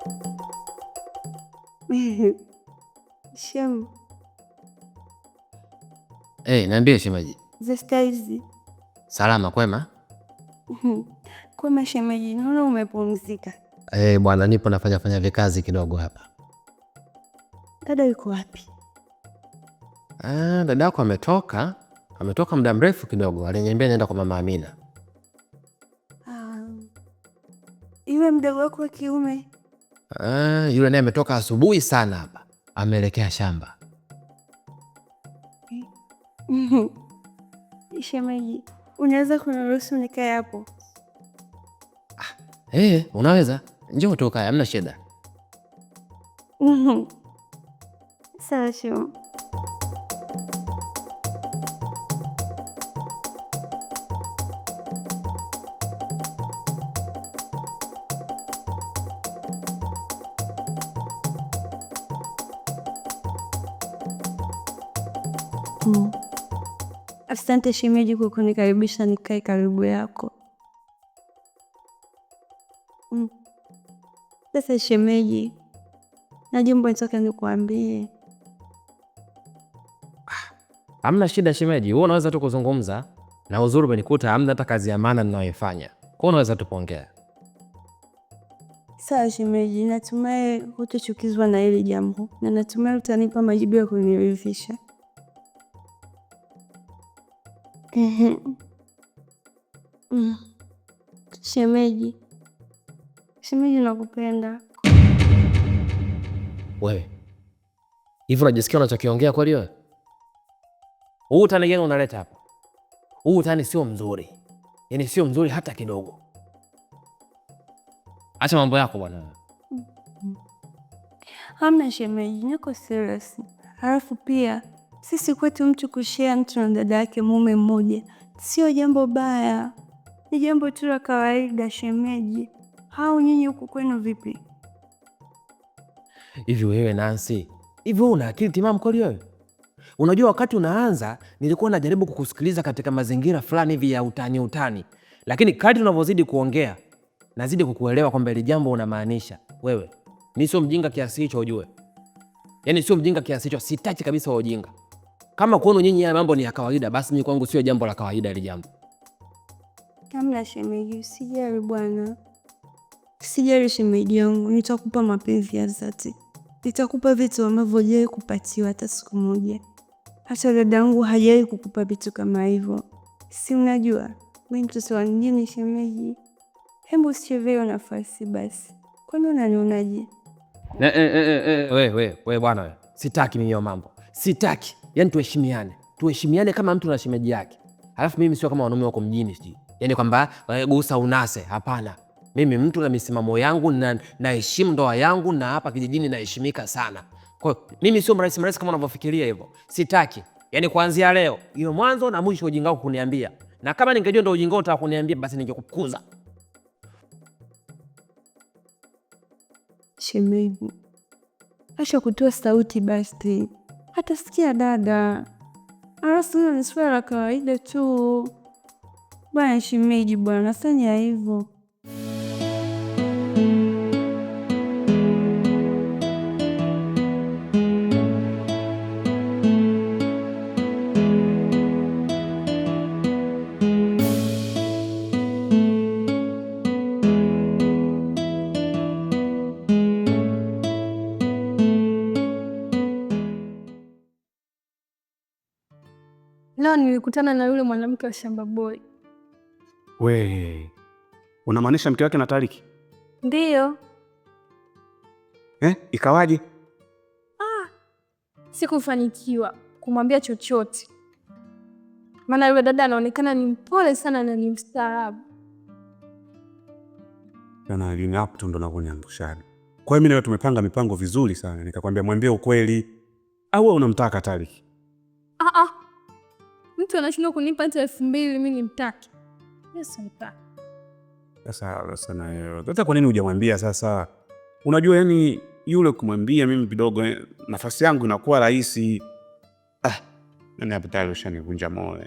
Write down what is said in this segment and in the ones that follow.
Shem. Hey, niambie shemeji. Zesta hizi. Salama kwema? Kwema shemeji, naona umepumzika. Hey, bwana nipo nafanya fanya vikazi kidogo hapa. Dada yuko wapi? Ah, dada yako ametoka, ametoka muda mrefu kidogo, aliniambia naenda kwa mama Amina. Ah, iwe mdogo wako wa kiume Ah, yule naye ametoka asubuhi sana hapa, ameelekea shamba. Shemeji, unaweza kuniruhusu nikae hapo? Ah, eh, unaweza njoo tu ukae, hamna shida. Sawa Asante shemeji kwa kunikaribisha nikae karibu yako. Mm. Sasa shemeji, na jambo nitoke nikuambie. Ah, hamna shida shemeji, wewe unaweza tu kuzungumza na uzuri umenikuta, hamna hata kazi ya maana ninayoifanya, kwa unaweza tupongea Sawa shemeji, natumai hutochukizwa na hili jambo na natumai utanipa majibu ya kuniridhisha. Mhm. Shemeji, shemeji, nakupenda wewe. Hivi unajisikia unachokiongea kweli wewe? Huu utani gani unaleta hapa? Huu utani sio mzuri, yaani sio mzuri hata kidogo. Acha mambo yako bwana. Mm-hmm. Hamna shemeji, niko serious. Halafu pia sisi kwetu mtu kushea mtu na dada yake mume mmoja sio jambo baya, ni jambo tu la kawaida. Shemeji, au nyinyi huku kwenu vipi? Hivi wewe Nancy, hivi una akili timamu kweli wewe? Unajua, wakati unaanza nilikuwa najaribu kukusikiliza katika mazingira fulani hivi ya utani utani, lakini kadri unavyozidi kuongea nazidi kukuelewa kwamba hili jambo unamaanisha wewe. Ni sio mjinga kiasi hicho ujue, yaani sio mjinga kiasi hicho, sitachi kabisa wa ujinga. Kama kwenu nyinyi haya mambo ni ya kawaida, basi mimi kwangu sio jambo la kawaida hili jambo. Kamla shemeji, usijali bwana, Sijali shemeji yangu, nitakupa mapenzi ya dhati, nitakupa vitu ambavyo hujawahi kupatiwa hata siku moja. Hata dadangu hajawahi kukupa vitu kama hivyo, si unajua mimi mtoto wa mjini shemeji. Hebu usichezee nafasi basi, kwani unanionaje? Wewe eh, eh, eh, we bwana, sitaki mimi hiyo mambo, sitaki yani tuheshimiane, tuheshimiane kama mtu na shemeji yake. Alafu mimi sio kama wanaume wako mjini sijui, yani kwamba gusa unase. Hapana, mimi mtu na misimamo yangu na naheshimu ndoa yangu, na hapa kijijini naheshimika sana. Kwa hiyo mimi sio mrahisi mrahisi kama unavyofikiria hivyo, sitaki. Yani kuanzia leo hiyo mwanzo na mwisho ujinga wako kuniambia, na kama ningejua ndo ujinga utaka kuniambia basi ningekukuza. Shemeji, acha kutoa sauti basi. Atasikia dada, harusi hilo ni swala la kawaida tu bwana. shimeji, bwana, sanya hivyo. nilikutana na yule mwanamke wa shamba boy. We, unamaanisha mke wake na Tariki? Ndiyo. Eh, ikawaje? Ah, sikufanikiwa kumwambia chochote, maana yule dada anaonekana ni mpole sana na ni mstaarabu. Hapo tu ndo nakunyangushaga. Kwa hiyo mimi nawe tumepanga mipango vizuri sana, nikakwambia mwambie ukweli, au unamtaka Tariki? mtu anashindwa kunipa hata elfu mbili mi nimtaki? Sasa kwa nini hujamwambia? Sasa unajua, yani yule kumwambia mimi kidogo eh, nafasi yangu inakuwa rahisi. Ah, nani hapo tayari ushanivunja moyo.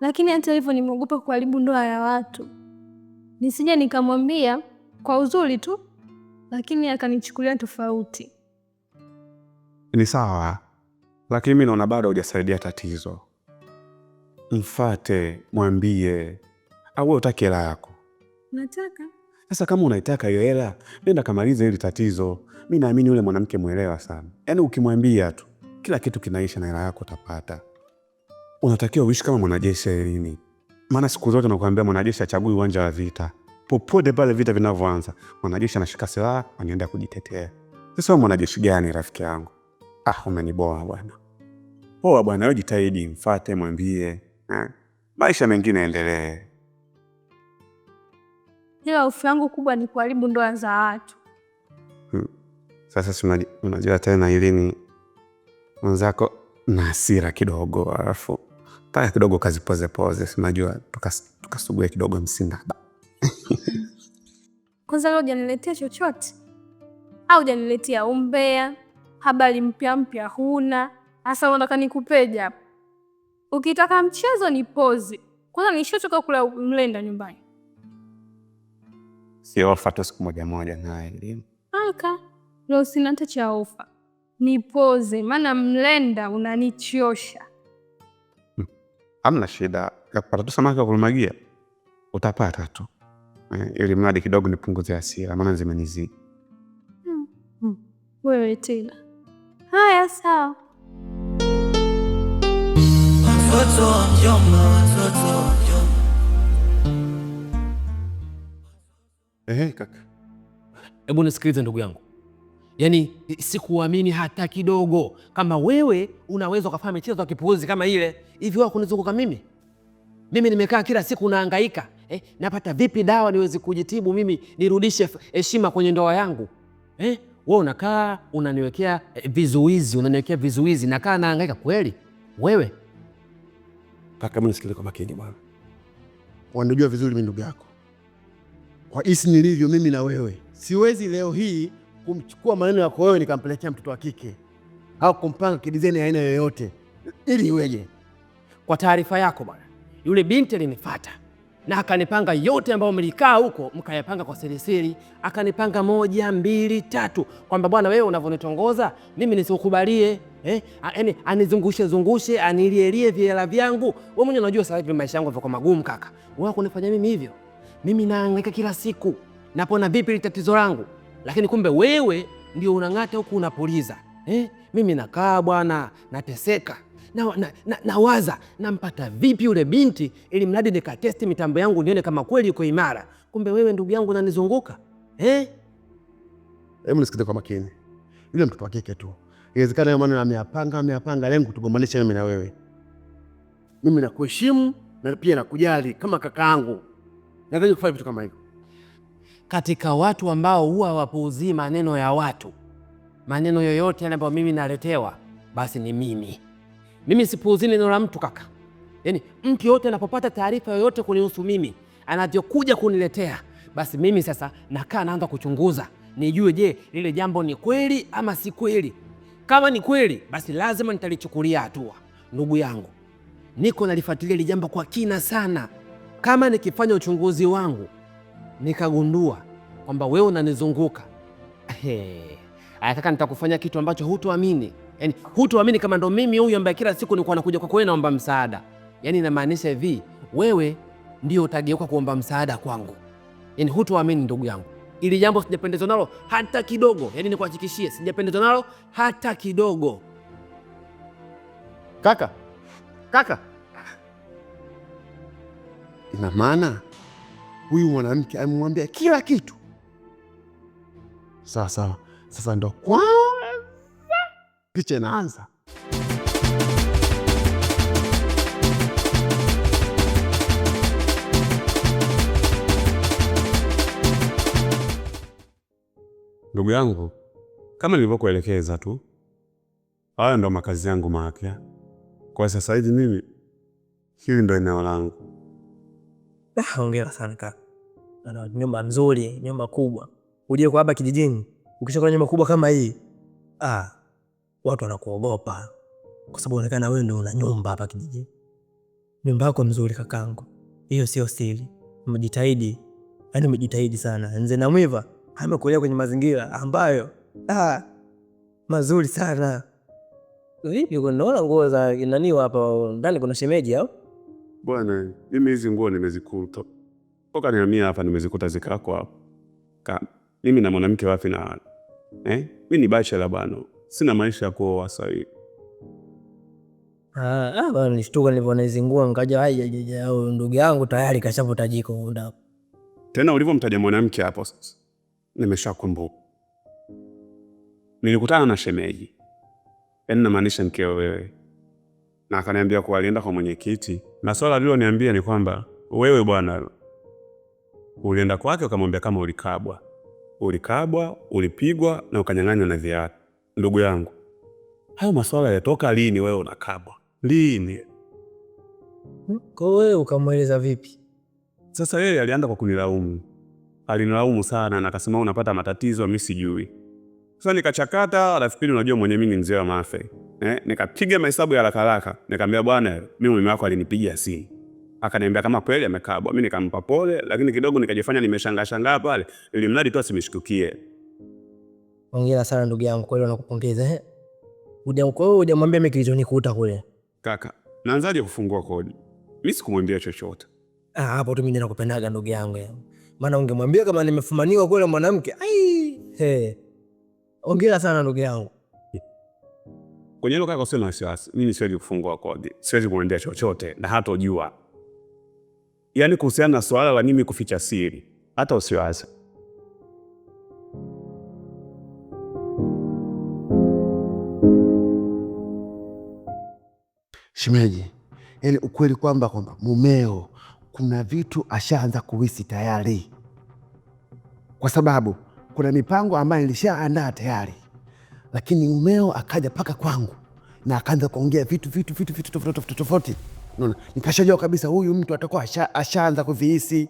Lakini hata hivyo nimeogopa kuharibu ndoa ya watu, nisije nikamwambia kwa uzuri tu, lakini akanichukulia tofauti. Ni sawa lakini mi naona bado hujasaidia tatizo. Mfate, mwambie. Au we utaki hela yako? Nataka. Sasa kama unaitaka hiyo hela, nenda kamaliza hili tatizo. Mi naamini yule mwanamke mwelewa sana, yaani ukimwambia tu kila kitu kinaisha, na hela yako utapata. Unatakiwa uishi kama mwanajeshi elini, maana siku zote nakuambia mwanajeshi achagui uwanja wa vita. Popote pale vita vinavyoanza, mwanajeshi anashika silaha, anaenda kujitetea. Sasa mwanajeshi gani rafiki yangu? Ah, umeniboa bwana poa bwana, wewe jitahidi, mfate mwambie maisha mengine endelee Ila hofu yangu kubwa ni kuharibu ndoa za watu hmm. Sasa si unajua tena, ili ni mwenzako na hasira kidogo, alafu taya kidogo kazipozepoze, si unajua tukasugue kidogo msinda Kwanza leo hujaniletea chochote au hujaniletea umbea, habari mpya mpya huna Hasa unataka nikupeje hapo? Ukitaka mchezo ni pozi. Kwanza nishochoka kula mlenda nyumbani. Sio ofa tu siku moja moja na elimu. Aka, leo sina hata cha ofa. Ni maana mlenda unanichosha. Hmm. Hamna shida. Kapata tu samaki wa kulumagia. Utapata tu. Eh, ili mradi kidogo nipunguze hasira maana zimenizidi. Hmm. Hmm. Wewe tena. Haya sawa watoto wa mjomba, watoto wa mjomba. Ehe, kaka, hebu nisikilize ndugu yangu, yaani sikuamini hata kidogo kama wewe unaweza ukafanya michezo ya kipuuzi kama ile hivi. Wao kunizunguka mimi, mimi nimekaa kila siku naangaika eh, napata vipi dawa niwezi kujitibu mimi, nirudishe heshima kwenye ndoa yangu eh? Wewe unakaa unaniwekea eh, vizuizi, unaniwekea vizuizi, nakaa naangaika kweli wewe mpaka mimi nisikilize kwa makini bwana. Wanijua vizuri mimi ndugu yako. Kwa isi nilivyo mimi na wewe, siwezi leo hii kumchukua maneno yako wewe nikampelekea mtoto wa kike au kumpanga kidizaini aina yoyote ili iweje? Kwa taarifa yako bwana, yule binti alinifuata na akanipanga yote ambayo mlikaa huko mkayapanga kwa sirisiri, akanipanga moja mbili tatu, kwamba bwana, wewe unavyonitongoza mimi nisikubalie Eh, yani anizungushe zungushe, anilielie viela vyangu. Wewe mwenyewe unajua sasa hivi maisha yangu yako magumu kaka. Wewe kunifanya mimi hivyo. Mimi naangaika kila siku. Napona vipi tatizo langu? Lakini kumbe wewe ndio unang'ata huku unapuliza. Eh, mimi nakaa bwana, nateseka. Na, na, na, nawaza nampata vipi yule binti ili mradi nikatesti mitambo yangu nione kama kweli yuko imara. Kumbe wewe ndugu yangu unanizunguka. Eh? Hebu nisikilize kwa makini. Yule mtoto wa kike tu Iwezekana hiyo maneno ameyapanga, ameyapanga lengo kutugombanisha mimi na wewe. Mimi nakuheshimu na pia nakujali kama kakaangu, nadhani kufanya vitu kama hivyo. Katika watu ambao huwa hawapuuzii maneno ya watu, maneno yoyote yale ambayo mimi naletewa, basi ni mimi. Mimi sipuuzii neno la mtu kaka. Yaani mtu yoyote anapopata taarifa yoyote kunihusu mimi, anavyokuja kuniletea, basi mimi sasa nakaa naanza kuchunguza, nijue, je, lile jambo ni kweli ama si kweli kama ni kweli, basi lazima nitalichukulia hatua. Ndugu yangu, niko nalifuatilia hili jambo kwa kina sana. Kama nikifanya uchunguzi wangu nikagundua kwamba wewe unanizunguka, ataka nitakufanya kitu ambacho hutuamini, yani hutuamini kama ndo mimi huyu ambaye kila siku nilikuwa nakuja kwako wewe naomba msaada. Yani inamaanisha hivi, wewe ndio utageuka kuomba msaada kwangu, yani hutuamini ndugu yangu ili jambo sijapendezwa nalo hata kidogo. Yaani nikuhakikishie, sijapendezwa nalo hata kidogo. Kaka, kaka, ina maana huyu mwanamke amemwambia kila kitu. Sawa sawa, sasa ndo kwanza picha inaanza. Ndugu yangu, kama nilivyokuelekeza tu, haya ndo makazi yangu mapya kwa sasa hivi. Mimi hili ndo eneo langu. Ah, hongera sana kaka, ana nyumba nzuri, nyumba kubwa. Uje kwa hapa kijijini, ukishakuwa nyumba kubwa kama hii, ah, watu wanakuogopa kwa sababu unaonekana wewe ndo una nyumba hapa kijijini. Nyumba yako nzuri kakangu, hiyo sio siri. Umejitahidi, yaani umejitahidi sana, nze na mwiva amekulia kwenye mazingira ambayo ah, mazuri sana. Vipi, naona nguo za nani hapa ndani? Kuna shemeji au bwana? Mimi hizi nguo nimezikuta toka nihamia hapa, nimezikuta zikako hapo. Mimi na mwanamke wapi na eh? Mi ni bachela bwana, sina maisha ya kuoa sahii. nishtuka nilivyoona hizi nguo nikaja ndugu yangu tayari kashavuta jiko. Tena ulivyomtaja mwanamke hapo sasa Nimeshakumbuka, nilikutana na shemeji, yaani namaanisha mkeo wewe, na akaniambia kuwa alienda kwa mwenyekiti, na swala aliloniambia ni kwamba wewe bwana ulienda kwake ukamwambia kama ulikabwa, ulikabwa, ulipigwa na ukanyang'anywa na viatu. Ndugu yangu, hayo maswala yatoka lini? Wewe unakabwa lini? Kwa wewe ukamweleza vipi? Sasa yeye alianza kwa kunilaumu alinilaumu sana na akasema unapata matatizo, mimi sijui. Sasa nikachakata, nafikiri unajua mwenye mimi ni mzee wa mafe eh, nikapiga mahesabu ya haraka haraka, nikamwambia bwana, mimi mume wako alinipigia simu akaniambia kama kweli amekabwa. Mimi nikampa pole, lakini kidogo nikajifanya nimeshangaa shangaa pale, ili mradi tu asimshtukie. Hongera sana ndugu yangu, kweli wanakupongeza eh. Uja kwa hiyo hujamwambia mimi kilichonikuta kule kaka? Naanzaje kufungua kodi? Mimi sikumwambia chochote. Ah, hapo tu mimi nakupendaga ndugu yangu. Eh. Maana ungemwambia kama nimefumaniwa kule mwanamke, ai Ongera sana ndugu yangu kwenye hilo kaka, usio na wasiwasi. Mimi siwezi kufungua kodi, siwezi kuendea chochote na hata ujua, yaani kuhusiana na swala la mimi kuficha siri, hata usiwasi Shemeji, yaani ukweli kwamba kwamba mumeo kuna vitu ashaanza kuhisi tayari, kwa sababu kuna mipango ambayo nilishaandaa tayari, lakini umeo akaja mpaka kwangu na akaanza kuongea vitu vitu vitu vitu tofauti tofauti. Nikashajua kabisa huyu mtu atakuwa asha, ashaanza kuvihisi.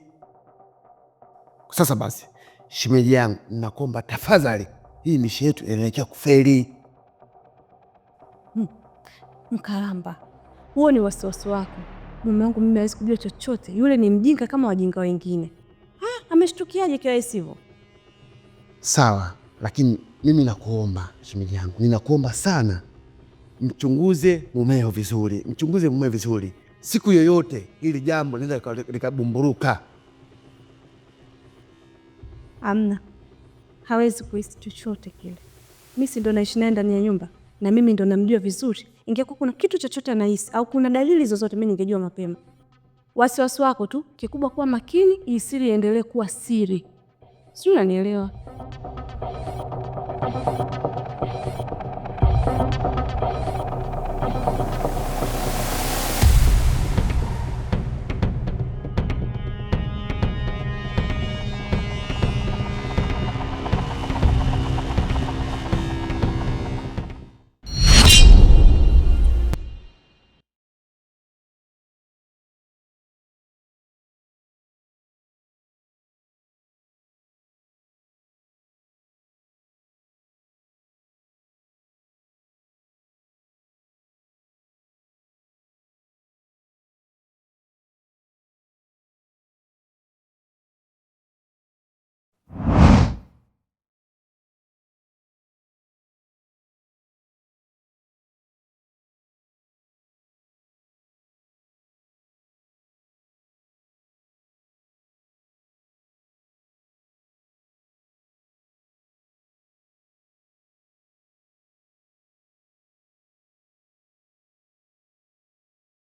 Sasa basi, shemeji yangu, nakuomba tafadhali, hii mishi yetu inaelekea kufeli. Hmm, Mkalamba, huo ni wasiwasi wako mume wangu mimi hawezi kujua chochote, yule ni mjinga kama wajinga wengine. Ameshtukiaje kiwa hivyo? Sawa, lakini mimi nakuomba shemeji yangu, ninakuomba sana, mchunguze mumeo vizuri, mchunguze mumeo vizuri. Siku yoyote hili jambo linaweza likabumburuka. Amna, hawezi kuhisi chochote kile. Mimi si ndo naishi naye ndani ya nyumba, na mimi ndo namjua vizuri ingekuwa kuna kitu chochote anahisi au kuna dalili zozote, mimi ningejua mapema. Wasiwasi wako tu, kikubwa kuwa makini, hii siri iendelee kuwa siri. Sijui unanielewa?